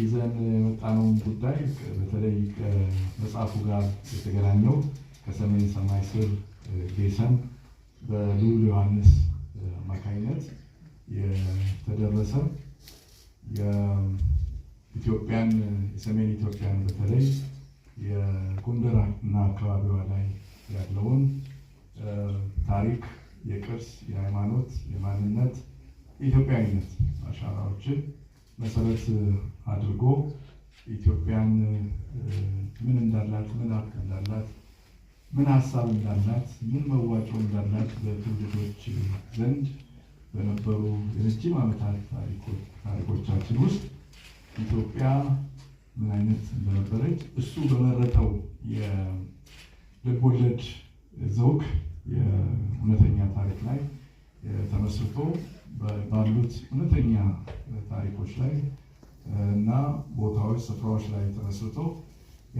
ይዘን የመጣነውን ጉዳይ በተለይ ከመጽሐፉ ጋር የተገናኘው ከሰሜን ሰማይ ስር ጌሰን በልዑል ዮሐንስ አማካኝነት የተደረሰ የኢትዮጵያን የሰሜን ኢትዮጵያን በተለይ የጎንደር እና አካባቢዋ ላይ ያለውን ታሪክ፣ የቅርስ፣ የሃይማኖት፣ የማንነት፣ የኢትዮጵያዊነት አሻራዎችን መሰረት አድርጎ ኢትዮጵያን ምን እንዳላት ምን ሀብት እንዳላት ምን ሀሳብ እንዳላት ምን መዋጮ እንዳላት በትውልዶች ዘንድ በነበሩ የረጅም ዓመታት ታሪኮቻችን ውስጥ ኢትዮጵያ ምን አይነት እንደነበረች እሱ በመረጠው የልቦለድ ዘውግ የእውነተኛ ታሪክ ላይ ተመስርቶ ባሉት እውነተኛ ታሪኮች ላይ እና ቦታዎች፣ ስፍራዎች ላይ ተመስርቶ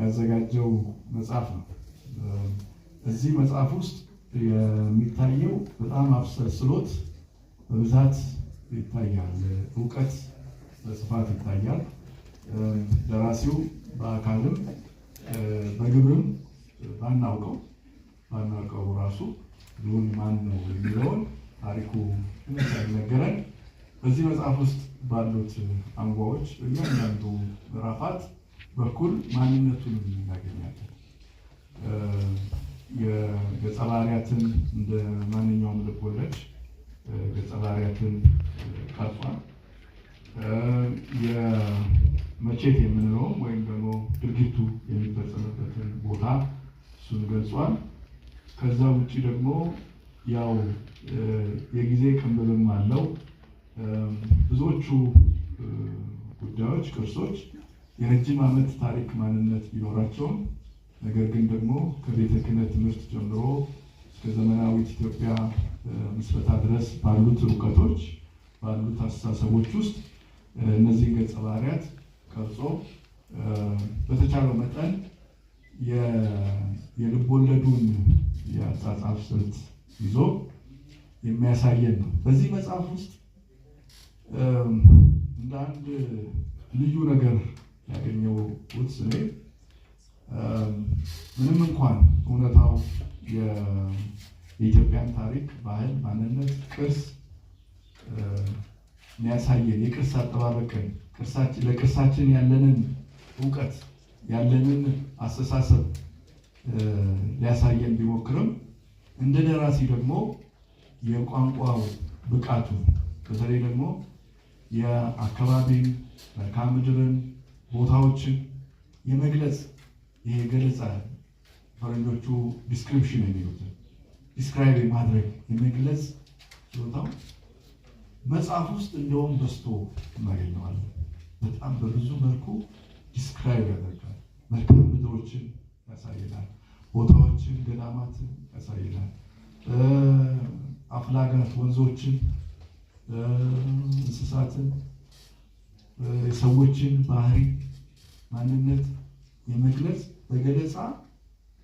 ያዘጋጀው መጽሐፍ ነው። እዚህ መጽሐፍ ውስጥ የሚታየው በጣም አብሰልስሎት በብዛት ይታያል። እውቀት በስፋት ይታያል። ደራሲው በአካልም በግብርም ባናውቀው ባናውቀው ራሱ ይሁን ማን ነው የሚለውን ታሪኩ ነገረን። በዚህ መጽሐፍ ውስጥ ባሉት አንጓዎች እያንዳንዱ ምዕራፋት በኩል ማንነቱን እናገኛለን። የገጸ ባህሪያትን እንደ ማንኛውም ልቦለድ ገጸ ባህሪያትን ቀርጿል። የመቼት የምንለውም ወይም ደግሞ ድርጊቱ የሚፈጸምበትን ቦታ እሱን ገልጿል። ከዛ ውጭ ደግሞ ያው የጊዜ ቀንበብም አለው። ብዙዎቹ ጉዳዮች፣ ቅርሶች የረጅም ዓመት ታሪክ ማንነት ቢኖራቸውም ነገር ግን ደግሞ ከቤተ ክህነት ትምህርት ጀምሮ እስከ ዘመናዊት ኢትዮጵያ ምስረታ ድረስ ባሉት እውቀቶች ባሉት አስተሳሰቦች ውስጥ እነዚህን ገጸ ባህሪያት ቀርጾ በተቻለው መጠን የልብ ወለዱን የአጻጻፍ ስልት ይዞ የሚያሳየን ነው። በዚህ መጽሐፍ ውስጥ እንደ አንድ ልዩ ነገር ያገኘሁት እኔ ምንም እንኳን እውነታው የኢትዮጵያን ታሪክ፣ ባህል፣ ማንነት፣ ቅርስ የሚያሳየን የቅርስ አጠባበቅን ለቅርሳችን ያለንን እውቀት ያለንን አስተሳሰብ ሊያሳየን ቢሞክርም እንደ ደራሲ ደግሞ የቋንቋው ብቃቱ በተለይ ደግሞ የአካባቢን መልክዓ ምድርን፣ ቦታዎችን የመግለጽ ይሄ ገለጻ ፈረንጆቹ ዲስክሪፕሽን የሚሉት ዲስክራይብ ማድረግ የመግለጽ ችሎታው መጽሐፍ ውስጥ እንደውም በስቶ እናገኘዋለን። በጣም በብዙ መልኩ ዲስክራይብ ያደርጋል። መልክዓ ምድሮችን ያሳየናል፣ ቦታዎችን፣ ገዳማትን ያሳየናል። አፍላጋት ወንዞችን፣ እንስሳትን፣ የሰዎችን ባህሪ ማንነት የመግለጽ በገለጻ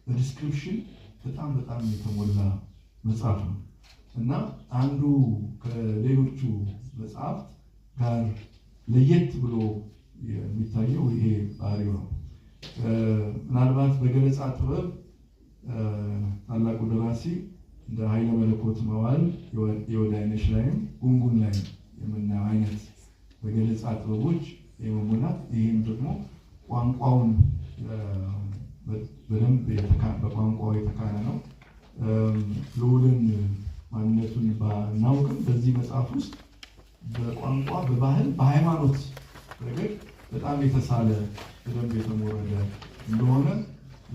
በዲስክሪፕሽን በጣም በጣም የተሞላ መጽሐፍ ነው እና አንዱ ከሌሎቹ መጽሐፍ ጋር ለየት ብሎ የሚታየው ይሄ ባህሪው ነው። ምናልባት በገለጻ ጥበብ ታላቁ ደራሲ እንደ ኃይለ መለኮት መዋዕል የወዳይነሽ ላይም ጉንጉን ላይ የምናየው አይነት በገለጻ ጥበቦች የመሞላት ይህም ደግሞ ቋንቋውን በደንብ በቋንቋው የተካነ ነው። ልዑልን ማንነቱን ባናውቅም በዚህ መጽሐፍ ውስጥ በቋንቋ፣ በባህል፣ በሃይማኖት ረገድ በጣም የተሳለ በደንብ የተሞረደ እንደሆነ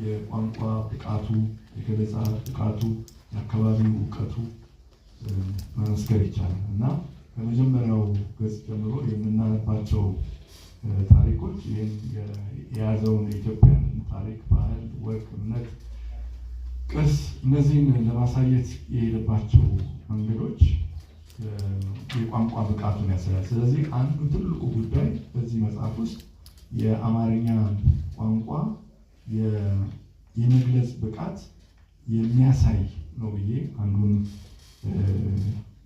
የቋንቋ ብቃቱ፣ የገለጻ ብቃቱ፣ የአካባቢው እውቀቱ መመስከር ይቻላል እና ከመጀመሪያው ገጽ ጀምሮ የምናነባቸው ታሪኮች ይህም የያዘውን የኢትዮጵያን ታሪክ፣ ባህል፣ ወግ፣ እምነት፣ ቅርስ እነዚህን ለማሳየት የሄደባቸው መንገዶች የቋንቋ ብቃቱን ያሳያል። ስለዚህ አንዱ ትልቁ ጉዳይ በዚህ መጽሐፍ ውስጥ የአማርኛ ቋንቋ የመግለጽ ብቃት የሚያሳይ ነው ብዬ አንዱን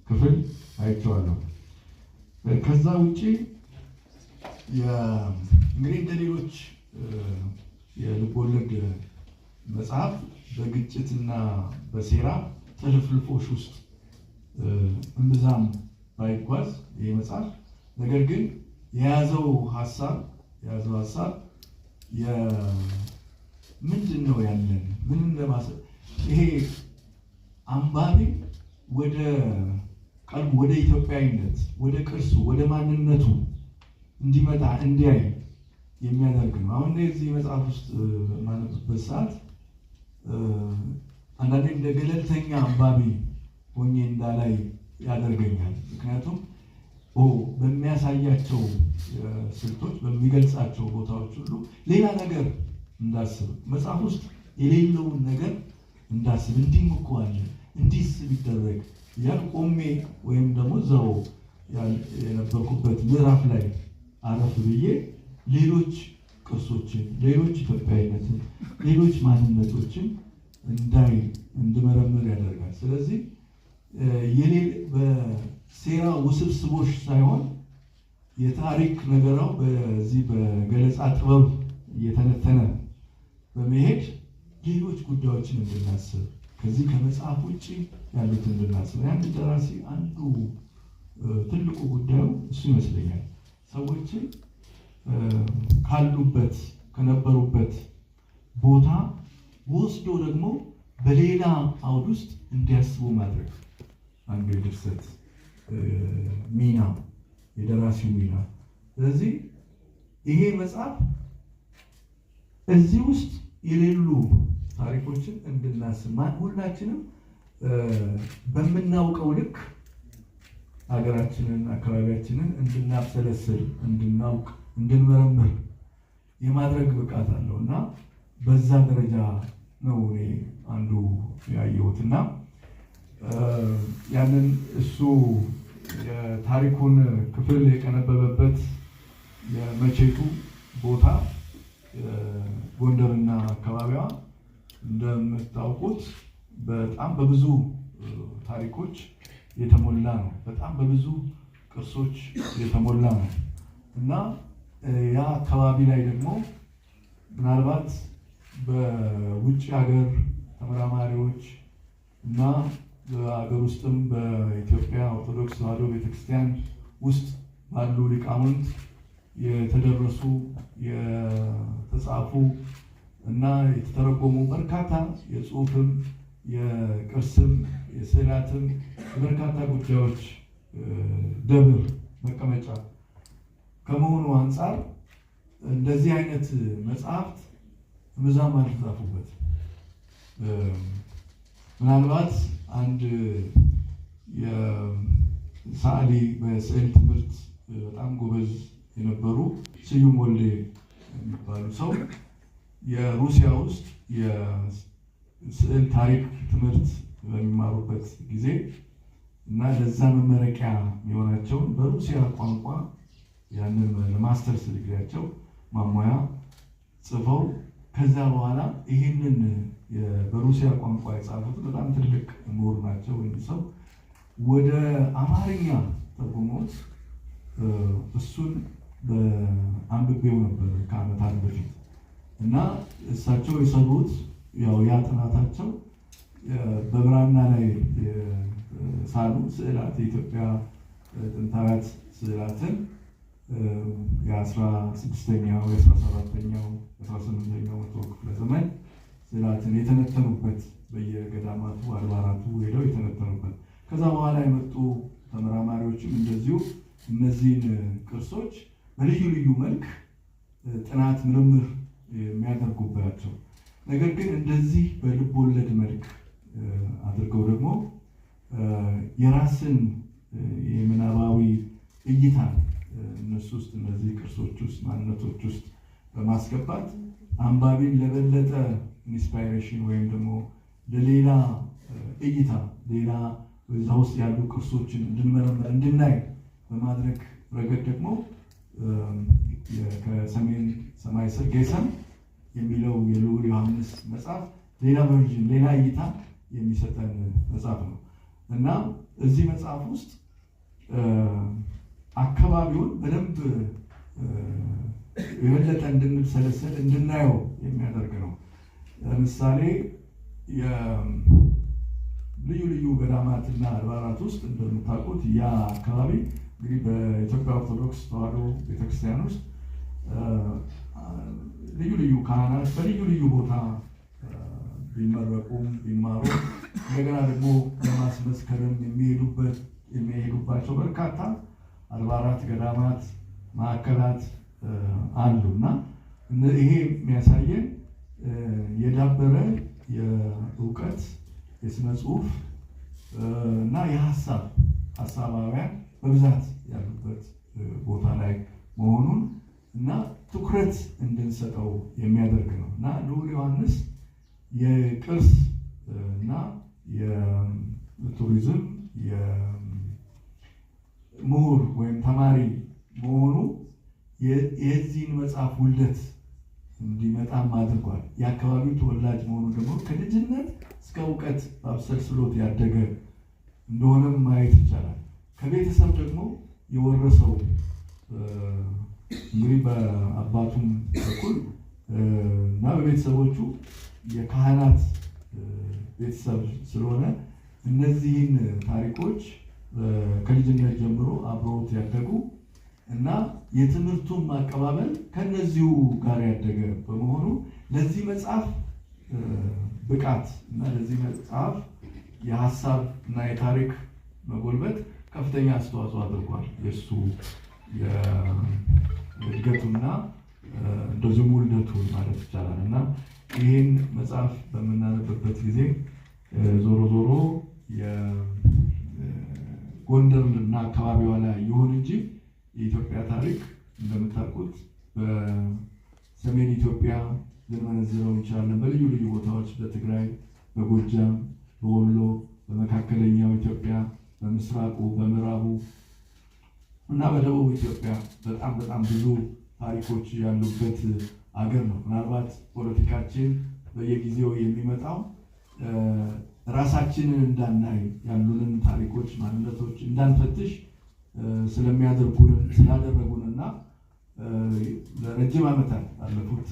ክፍል አይቼዋለሁ። ከዛ ውጭ እንግዲህ እንደ ሌሎች የልቦለድ መጽሐፍ በግጭትና በሴራ ተልፍልፎች ውስጥ እምብዛም ባይጓዝ ይህ መጽሐፍ ነገር ግን የያዘው ሀሳብ የያዘው ሀሳብ ምንድን ነው ያለን? ምንም ለማሰ ይሄ አንባቢ ወደ ቀልቡ ወደ ኢትዮጵያዊነት ወደ ቅርሱ ወደ ማንነቱ እንዲመጣ እንዲያይ የሚያደርግ ነው። አሁን እዚህ መጽሐፍ ውስጥ ማነብበት ሰዓት አንዳንዴ እንደ ገለልተኛ አንባቢ ሆኜ እንዳላይ ያደርገኛል። ምክንያቱም በሚያሳያቸው ስልቶች በሚገልጻቸው ቦታዎች ሁሉ ሌላ ነገር እንዳስብ መጽሐፍ ውስጥ የሌለውን ነገር እንዳስብ እንዲህም እንዲስ ቢደረግ ያን ቆሜ ወይም ደግሞ ዘው የነበርኩበት ምዕራፍ ላይ አረፍ ብዬ ሌሎች ቅርሶችን፣ ሌሎች ኢትዮጵያዊነትን፣ ሌሎች ማንነቶችን እንዳይ እንድመረምር ያደርጋል። ስለዚህ በሴራ ውስብስቦች ሳይሆን የታሪክ ነገራው በዚህ በገለጻ ጥበብ እየተነተነ በመሄድ ሌሎች ጉዳዮችን እንድናስብ ከዚህ ከመጽሐፍ ውጭ ያሉት እንድናስብ የአንድ ደራሲ አንዱ ትልቁ ጉዳዩ እሱ ይመስለኛል። ሰዎችን ካሉበት ከነበሩበት ቦታ ወስዶ ደግሞ በሌላ አውድ ውስጥ እንዲያስቡ ማድረግ አንዱ የድርሰት ሚና የደራሲው ሚና። ስለዚህ ይሄ መጽሐፍ እዚህ ውስጥ የሌሉ ታሪኮችን እንድናስብ ሁላችንም በምናውቀው ልክ ሀገራችንን አካባቢያችንን እንድናብሰለስል እንድናውቅ እንድንመረምር የማድረግ ብቃት አለው እና በዛ ደረጃ ነው እኔ አንዱ ያየሁት እና ያንን እሱ የታሪኩን ክፍል የቀነበበበት የመቼቱ ቦታ ጎንደርና አካባቢዋ እንደምታውቁት በጣም በብዙ ታሪኮች የተሞላ ነው። በጣም በብዙ ቅርሶች የተሞላ ነው እና ያ አካባቢ ላይ ደግሞ ምናልባት በውጭ ሀገር ተመራማሪዎች እና በሀገር ውስጥም በኢትዮጵያ ኦርቶዶክስ ተዋሕዶ ቤተክርስቲያን ውስጥ ባሉ ሊቃውንት የተደረሱ የተጻፉ እና የተተረጎሙ በርካታ የጽሁፍም የቅርስም የስዕላትም የበርካታ ጉዳዮች ደብር መቀመጫ ከመሆኑ አንጻር እንደዚህ አይነት መጽሐፍት ብዛም አልተጻፉበት። ምናልባት አንድ የሰዓሊ በስዕል ትምህርት በጣም ጎበዝ የነበሩ ስዩም ወልዴ የሚባሉ ሰው የሩሲያ ውስጥ የስዕል ታሪክ ትምህርት በሚማሩበት ጊዜ እና ለዛ መመረቂያ የሆናቸውን በሩሲያ ቋንቋ ያንን ለማስተርስ ድግሪያቸው ማሟያ ጽፈው ከዛ በኋላ ይህንን በሩሲያ ቋንቋ የጻፉት በጣም ትልቅ ምሁር ናቸው። ወይም ሰው ወደ አማርኛ ተርጉሞት እሱን አንብቤው ነበር ከዓመታት በፊት እና እሳቸው የሰሩት ያው ያ ጥናታቸው በብራና ላይ ሳሉ ስዕላት የኢትዮጵያ ጥንታዊት ስዕላትን የአስራ ስድስተኛው የአስራ ሰባተኛው የአስራ ስምንተኛው መቶ ክፍለ ዘመን ስዕላትን የተነተኑበት በየገዳማቱ አድባራቱ ሄደው የተነተኑበት ከዛ በኋላ የመጡ ተመራማሪዎችም እንደዚሁ እነዚህን ቅርሶች በልዩ ልዩ መልክ ጥናት ምርምር የሚያደርጉባቸው ነገር ግን እንደዚህ በልብ ወለድ መልክ አድርገው ደግሞ የራስን የምናባዊ እይታ እነሱ ውስጥ እነዚህ ቅርሶች ውስጥ ማንነቶች ውስጥ በማስገባት አንባቢን ለበለጠ ኢንስፓይሬሽን ወይም ደግሞ ለሌላ እይታ ሌላ በዛ ውስጥ ያሉ ቅርሶችን እንድንመረምር እንድናይ በማድረግ ረገድ ደግሞ ከሰሜን ሰማይ ስር ጌሰን የሚለው የልዑል ዮሐንስ መጽሐፍ ሌላ ቨርዥን ሌላ እይታ የሚሰጠን መጽሐፍ ነው እና እዚህ መጽሐፍ ውስጥ አካባቢውን በደንብ የበለጠ እንድንሰለሰል እንድናየው የሚያደርግ ነው። ለምሳሌ ልዩ ልዩ ገዳማትና አድባራት ውስጥ እንደምታውቁት ያ አካባቢ እንግዲህ በኢትዮጵያ ኦርቶዶክስ ተዋህዶ ቤተክርስቲያን ውስጥ ልዩ ልዩ ካህናት በልዩ ልዩ ቦታ ቢመረቁም ቢማሩ እንደገና ደግሞ ለማስመስከርም የሚሄዱበት የሚሄዱባቸው በርካታ አድባራት፣ ገዳማት፣ ማዕከላት አሉ እና ይሄ የሚያሳየን የዳበረ የእውቀት የስነ ጽሁፍ እና የሀሳብ ሀሳባውያን በብዛት ያሉበት ቦታ ላይ መሆኑን እና ትኩረት እንድንሰጠው የሚያደርግ ነው እና ልዑል ዮሐንስ የቅርስ እና የቱሪዝም የምሁር ወይም ተማሪ መሆኑ የዚህን መጽሐፍ ውልደት እንዲመጣም አድርጓል። የአካባቢው ተወላጅ መሆኑ ደግሞ ከልጅነት እስከ እውቀት አብሰልስሎት ያደገ እንደሆነም ማየት ይቻላል። ከቤተሰብ ደግሞ የወረሰው እንግዲህ በአባቱም በኩል እና በቤተሰቦቹ የካህናት ቤተሰብ ስለሆነ እነዚህን ታሪኮች ከልጅነት ጀምሮ አብረውት ያደጉ እና የትምህርቱን ማቀባበል ከነዚሁ ጋር ያደገ በመሆኑ ለዚህ መጽሐፍ ብቃት እና ለዚህ መጽሐፍ የሀሳብ እና የታሪክ መጎልበት ከፍተኛ አስተዋጽኦ አድርጓል። የእሱ እድገቱና እንደዚሁም ውልደቱን ማለት ይቻላል እና ይህን መጽሐፍ በምናነብበት ጊዜ ዞሮ ዞሮ እና አካባቢዋ ላይ ይሁን እንጂ የኢትዮጵያ ታሪክ እንደምታውቁት በሰሜን ኢትዮጵያ ልንመነዝረው እንችላለን። በልዩ ልዩ ቦታዎች በትግራይ፣ በጎጃም፣ በወሎ፣ በመካከለኛው ኢትዮጵያ በምስራቁ፣ በምዕራቡ እና በደቡብ ኢትዮጵያ በጣም በጣም ብዙ ታሪኮች ያሉበት አገር ነው። ምናልባት ፖለቲካችን በየጊዜው የሚመጣው ራሳችንን እንዳናይ ያሉንን ታሪኮች፣ ማንነቶች እንዳንፈትሽ ስለሚያደርጉንን ስላደረጉን እና ለረጅም ዓመታት ባለፉት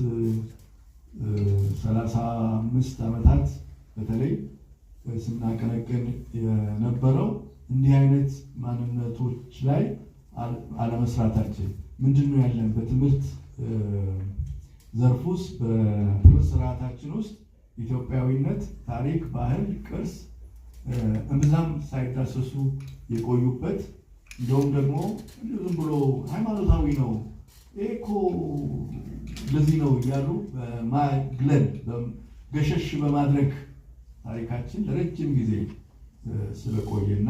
ሰላሳ አምስት ዓመታት በተለይ ስናቀነቅን የነበረው እንዲህ አይነት ማንነቶች ላይ አለመስራታችን ምንድን ነው ያለን በትምህርት ዘርፍ ውስጥ በትምህርት ስርዓታችን ውስጥ ኢትዮጵያዊነት፣ ታሪክ፣ ባህል፣ ቅርስ እምብዛም ሳይዳሰሱ የቆዩበት እንደውም ደግሞ ዝም ብሎ ሃይማኖታዊ ነው እኮ ለዚህ ነው እያሉ በማግለል ገሸሽ በማድረግ ታሪካችን ለረጅም ጊዜ ስለቆየና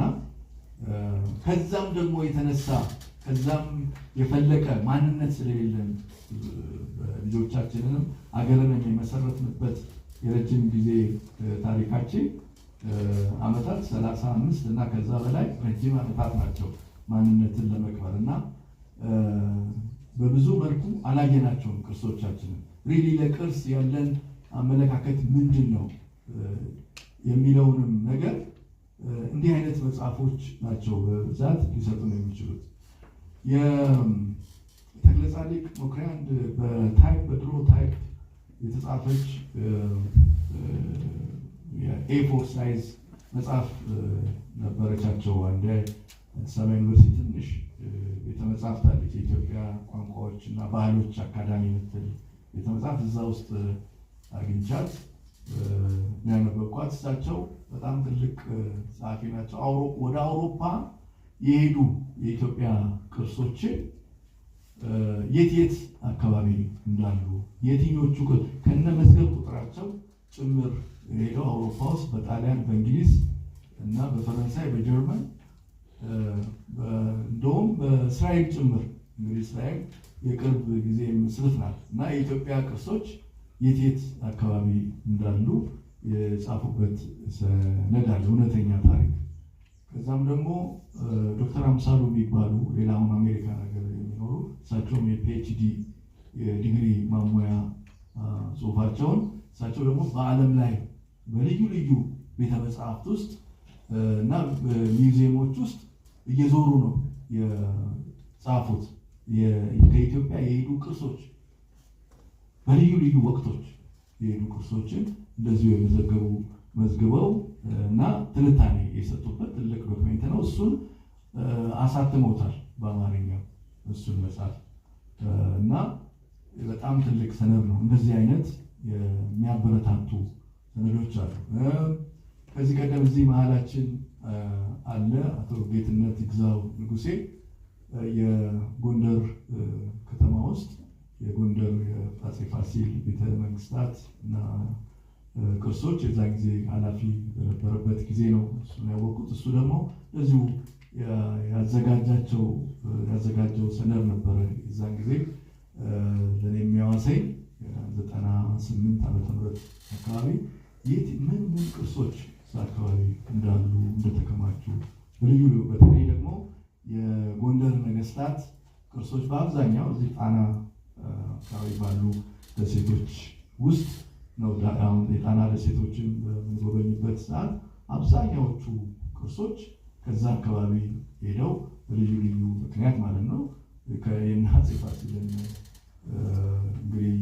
ከዛም ደግሞ የተነሳ ከዛም የፈለቀ ማንነት ስለሌለን ልጆቻችንንም አገርንም የመሰረትንበት የረጅም ጊዜ ታሪካችን አመታት ሰላሳ አምስት እና ከዛ በላይ ረጅም አመታት ናቸው ማንነትን ለመቅበር እና በብዙ መልኩ አላየናቸውም። ቅርሶቻችንን ሪሊ ለቅርስ ያለን አመለካከት ምንድን ነው የሚለውንም ነገር እንዲህ አይነት መጽሐፎች ናቸው በብዛት ሊሰጡ ነው የሚችሉት። የተክለጻድቅ መኩሪያ አንድ በታይፕ በድሮ ታይፕ የተጻፈች የኤፎር ሳይዝ መጽሐፍ ነበረቻቸው። አንደ አዲስ አበባ ዩኒቨርሲቲ ትንሽ ቤተ አለች፣ የኢትዮጵያ ቋንቋዎች እና ባህሎች አካዳሚ ምትል ቤተ እዛ ውስጥ አግኝቻት ያነበብኳት እሳቸው በጣም ትልቅ ጸሐፊ ናቸው። ወደ አውሮፓ የሄዱ የኢትዮጵያ ቅርሶችን የት የት አካባቢ እንዳሉ የትኞቹ ከነ መዝገብ ቁጥራቸው ጭምር ሄደው አውሮፓ ውስጥ በጣሊያን፣ በእንግሊዝ እና በፈረንሳይ፣ በጀርመን እንደውም በእስራኤል ጭምር እንግዲህ እስራኤል የቅርብ ጊዜ ምስልት ናት እና የኢትዮጵያ ቅርሶች የት የት አካባቢ እንዳሉ የጻፉበት ሰነድ አለ፣ እውነተኛ ታሪክ። ከዛም ደግሞ ዶክተር አምሳሉ የሚባሉ ሌላ አሁን አሜሪካ ነገር የሚኖሩ እሳቸውም የፒኤችዲ የዲግሪ ማሙያ ጽሁፋቸውን እሳቸው ደግሞ በዓለም ላይ በልዩ ልዩ ቤተ መጽሐፍት ውስጥ እና ሚውዚየሞች ውስጥ እየዞሩ ነው የጻፉት። ከኢትዮጵያ የሄዱ ቅርሶች በልዩ ልዩ ወቅቶች የሄዱ ቅርሶችን እንደዚሁ የመዘገቡ መዝግበው እና ትንታኔ የሰጡበት ትልቅ ዶክሜንት ነው። እሱን አሳትመውታል በአማርኛው እሱን መጽሐፍ እና በጣም ትልቅ ሰነድ ነው። እንደዚህ አይነት የሚያበረታቱ ሰነዶች አሉ። ከዚህ ቀደም እዚህ መሀላችን አለ አቶ ጌትነት ይግዛው ንጉሴ የጎንደር ከተማ ውስጥ የጎንደር የአፄ ፋሲል ቤተ መንግስታት እና ቅርሶች የዛ ጊዜ ኃላፊ በነበረበት ጊዜ ነው እሱን ያወቁት። እሱ ደግሞ እዚሁ ያዘጋጃቸው ያዘጋጀው ሰነድ ነበረ። የዛን ጊዜ ለእኔ የሚያዋሳኝ ዘጠና ስምንት ዓመተ ምህረት አካባቢ የት ምን ምን ቅርሶች አካባቢ እንዳሉ እንደተከማቹ ልዩ በተለይ ደግሞ የጎንደር ነገስታት ቅርሶች በአብዛኛው እዚህ ጣና አካባቢ ባሉ ደሴቶች ውስጥ ነው። ደሴቶችን ሴቶችን በምንጎበኝበት ሰዓት አብዛኛዎቹ ቅርሶች ከዛ አካባቢ ሄደው በልዩ ልዩ ምክንያት ማለት ነው የነሐጼ ፋሲልን እንግዲህ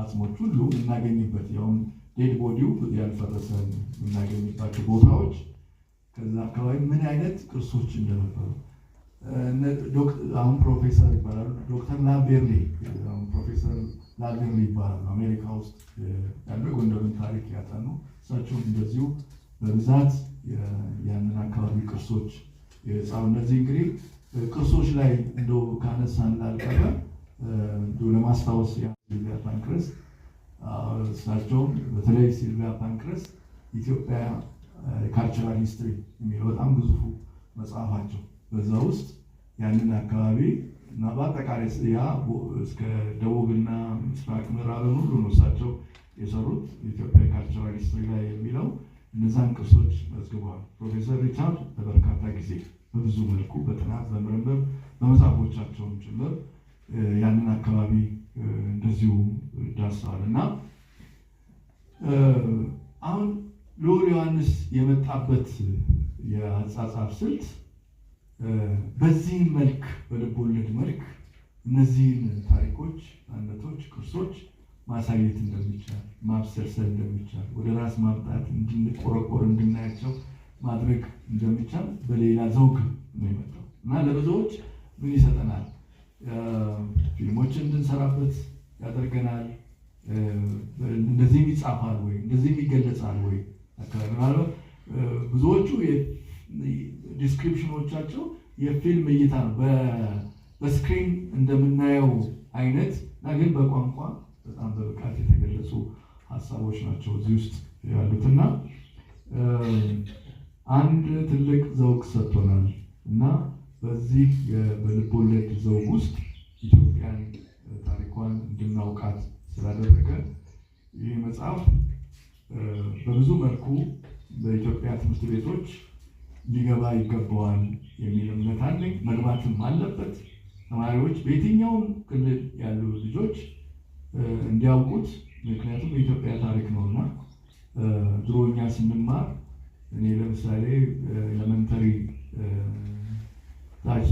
አጽሞች ሁሉ የምናገኝበት ያውም ዴድ ቦዲው ያልፈረሰ የምናገኝባቸው ቦታዎች ከዛ አካባቢ ምን አይነት ቅርሶች እንደነበሩ አሁን ፕሮፌሰር ይባላሉ ዶክተር ላምቤርሌ ፕሮፌሰር ናግሊን ይባላሉ። አሜሪካ ውስጥ ያሉ የጎንደርን ታሪክ ያጠኑ እሳቸው እንደዚሁ በብዛት ያንን አካባቢ ቅርሶች የጻው እነዚህ እንግዲህ ቅርሶች ላይ እንደ ካነሳ እንዳልቀረ ለማስታወስ ሲልቪያ ፓንክረስ እሳቸውም በተለይ ሲልቪያ ፓንክረስ ኢትዮጵያ የካልቸራል ሂስትሪ የሚለው በጣም ግዙፉ መጽሐፋቸው በዛ ውስጥ ያንን አካባቢ እና በአጠቃላይ ያ እስከ ደቡብና ምስራቅ ምዕራብን ሁሉ ነው እሳቸው የሰሩት ኢትዮጵያ ካልቸራል ሂስትሪ ላይ የሚለው እነዛን ቅርሶች መዝግበዋል። ፕሮፌሰር ሪቻርድ በበርካታ ጊዜ በብዙ መልኩ በጥናት በምርምር በመጽሐፎቻቸውም ጭምር ያንን አካባቢ እንደዚሁ ዳሰዋል እና አሁን ልዑል ዮሐንስ የመጣበት የአጻጻፍ ስልት በዚህ መልክ በልቦለድ መልክ እነዚህን ታሪኮች፣ አነቶች፣ ቅርሶች ማሳየት እንደሚቻል ማብሰልሰል እንደሚቻል ወደ ራስ ማምጣት እንድንቆረቆር እንድናያቸው ማድረግ እንደሚቻል በሌላ ዘውግ ነው የመጣው እና ለብዙዎች ምን ይሰጠናል? ፊልሞች እንድንሰራበት ያደርገናል። እንደዚህም ይጻፋል ወይ እንደዚህም ይገለጻል ወይ አካባቢ ብዙዎቹ ዲስክሪፕሽኖቻቸው የፊልም እይታ ነው። በስክሪን እንደምናየው አይነት ግን በቋንቋ በጣም በብቃት የተገለጹ ሀሳቦች ናቸው እዚህ ውስጥ ያሉት እና አንድ ትልቅ ዘውግ ሰጥቶናል እና በዚህ በልቦለድ ዘውግ ውስጥ ኢትዮጵያን ታሪኳን እንድናውቃት ስላደረገ ይህ መጽሐፍ በብዙ መልኩ በኢትዮጵያ ትምህርት ቤቶች ሊገባ ይገባዋል የሚል እምነት አለኝ። መግባትም አለበት። ተማሪዎች በየትኛውም ክልል ያሉ ልጆች እንዲያውቁት፣ ምክንያቱም የኢትዮጵያ ታሪክ ነው እና ስንማር እኔ ለምሳሌ ኤሌመንተሪ ታች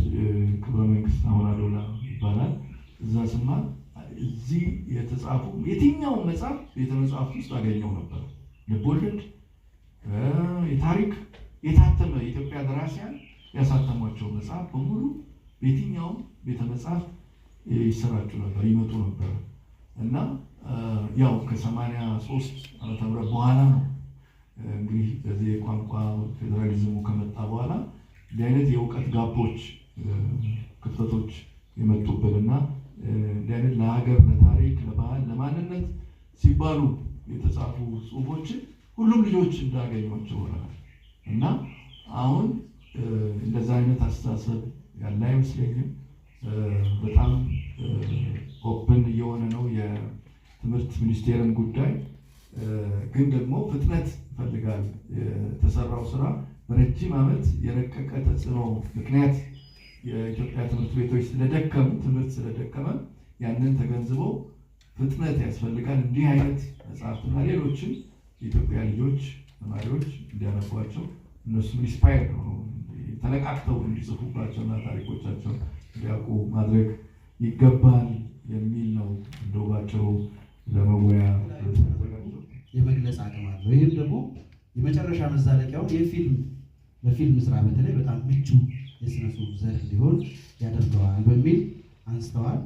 ክብረ መንግስት አሁን አዶላ ይባላል እዛ ስማር እዚህ የተጻፉ የትኛውን መጽሐፍ ቤተ መጽሐፍት ውስጥ አገኘው ነበር ልብ የታሪክ የታተመ የኢትዮጵያ ደራሲያን ያሳተሟቸው መጽሐፍ በሙሉ በየትኛውም ቤተ መጽሐፍ ይሰራጩ ነበር፣ ይመጡ ነበር እና ያው ከሰማንያ ሶስት ዓመተ ምህረት በኋላ ነው እንግዲህ በዚህ የቋንቋ ፌዴራሊዝሙ ከመጣ በኋላ እንዲህ አይነት የእውቀት ጋቦች ክፍተቶች የመጡብን እና እንዲህ አይነት ለሀገር፣ ለታሪክ፣ ለባህል፣ ለማንነት ሲባሉ የተጻፉ ጽሁፎችን ሁሉም ልጆች እንዳገኟቸው ሆነል። እና አሁን እንደዛ አይነት አስተሳሰብ ያለ አይመስለኝም። በጣም ኦፕን እየሆነ ነው የትምህርት ሚኒስቴርን ጉዳይ ግን ደግሞ ፍጥነት ይፈልጋል። የተሰራው ስራ በረጅም ዓመት የረቀቀ ተጽዕኖ ምክንያት የኢትዮጵያ ትምህርት ቤቶች ስለደከሙ ትምህርት ስለደከመ ያንን ተገንዝቦ ፍጥነት ያስፈልጋል። እንዲህ አይነት መጽሐፍትና ሌሎችን የኢትዮጵያ ልጆች ተማሪዎች እንዲያነቧቸው እነሱ ኢንስፓየር ነው ተነቃቅተው እንዲጽፉባቸውና ታሪኮቻቸውን እንዲያውቁ ማድረግ ይገባል የሚል ነው። እንደባቸው ለመወያ የመግለጽ አቅም አለው። ይህም ደግሞ የመጨረሻ መዛለቂያውን የፊልም በፊልም ስራ በተለይ በጣም ምቹ የስነ ጽሁፍ ዘርፍ ሊሆን ያደርገዋል በሚል አንስተዋል።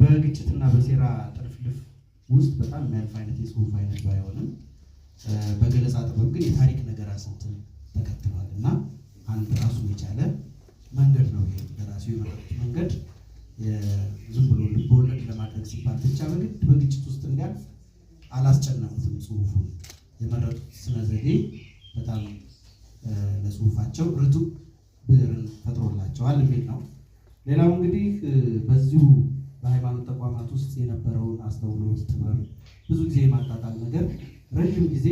በግጭትና በሴራ ጥልፍልፍ ውስጥ በጣም የሚያልፍ አይነት የጽሁፍ አይነት ባይሆንም በገለጻ ጥበብ ግን የታሪክ ነገር ስንትን ተከትሏል እና አንድ ራሱ የቻለ መንገድ ነው። ይሄ ለራሱ የመረጡት መንገድ ዝም ብሎ ልቦወለድ ለማድረግ ሲባል ብቻ በግድ በግጭት ውስጥ እንዲያልፍ አላስጨነቁትም። ጽሁፉን የመረጡት ስነ ዘዴ በጣም ለጽሁፋቸው ርቱ ብዕርን ፈጥሮላቸዋል የሚል ነው። ሌላው እንግዲህ በዚሁ በሃይማኖት ተቋማት ውስጥ የነበረውን አስተውሎት ጥበብ ብዙ ጊዜ የማጣጣል ነገር ረዥም ጊዜ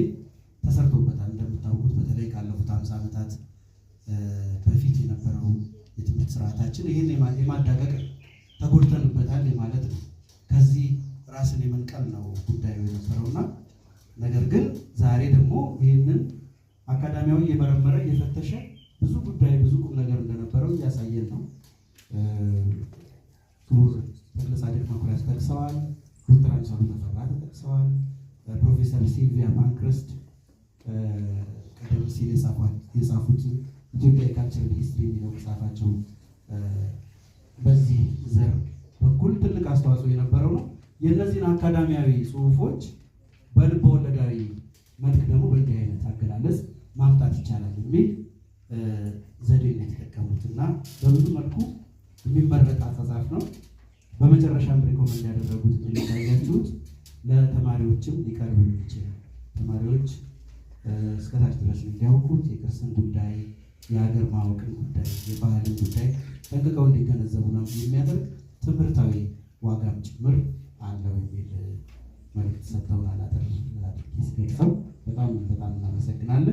ተሰርቶበታል። እንደምታውቁት በተለይ ካለፉት አምሳ ዓመታት በፊት የነበረው የትምህርት ስርዓታችን ይህን የማዳቀቅ ተጎድተንበታል ማለት ነው። ከዚህ ራስን የመንቀል ነው ጉዳዩ የነበረውና ነገር ግን ዛሬ ደግሞ ይህንን አካዳሚያዊ እየመረመረ እየፈተሸ ብዙ ጉዳይ ብዙ ቁም ነገር እንደነበረው እያሳየን ነው። ክቡር ተክለጻድቅ መኩሪያ ተጠቅሰዋል። ዶክተር አንሳሉ ተፈራ ተጠቅሰዋል። ፕሮፌሰር ሲልቪያ ፓንክረስት ቀደም ሲል የጻፉት ኢትዮጵያ የካልቸር ሚኒስትሪ የሚለው መጽሐፋቸው በዚህ ዘር በኩል ትልቅ አስተዋጽኦ የነበረው ነው። የእነዚህን አካዳሚያዊ ጽሁፎች በልብ ወለዳዊ መልክ ደግሞ በእንዲህ አይነት አገላለጽ ማምጣት ይቻላል የሚል ዘዴ ነው የተጠቀሙት እና በብዙ መልኩ የሚመረጥ አጻጻፍ ነው። በመጨረሻም ሪኮመንድ ያደረጉት የሚታያችሁት ለተማሪዎችም ሊቀርብ ይችላል። ተማሪዎች እስከታች ድረስ እንዲያውቁት የቅርስን ጉዳይ፣ የሀገር ማወቅን ጉዳይ፣ የባህልን ጉዳይ ጠንቅቀው እንዲገነዘቡ ነው የሚያደርግ ትምህርታዊ ዋጋም ጭምር አለው የሚል መልዕክት ሰጥተውን አላጠር ስገልጸው በጣም በጣም እናመሰግናለን።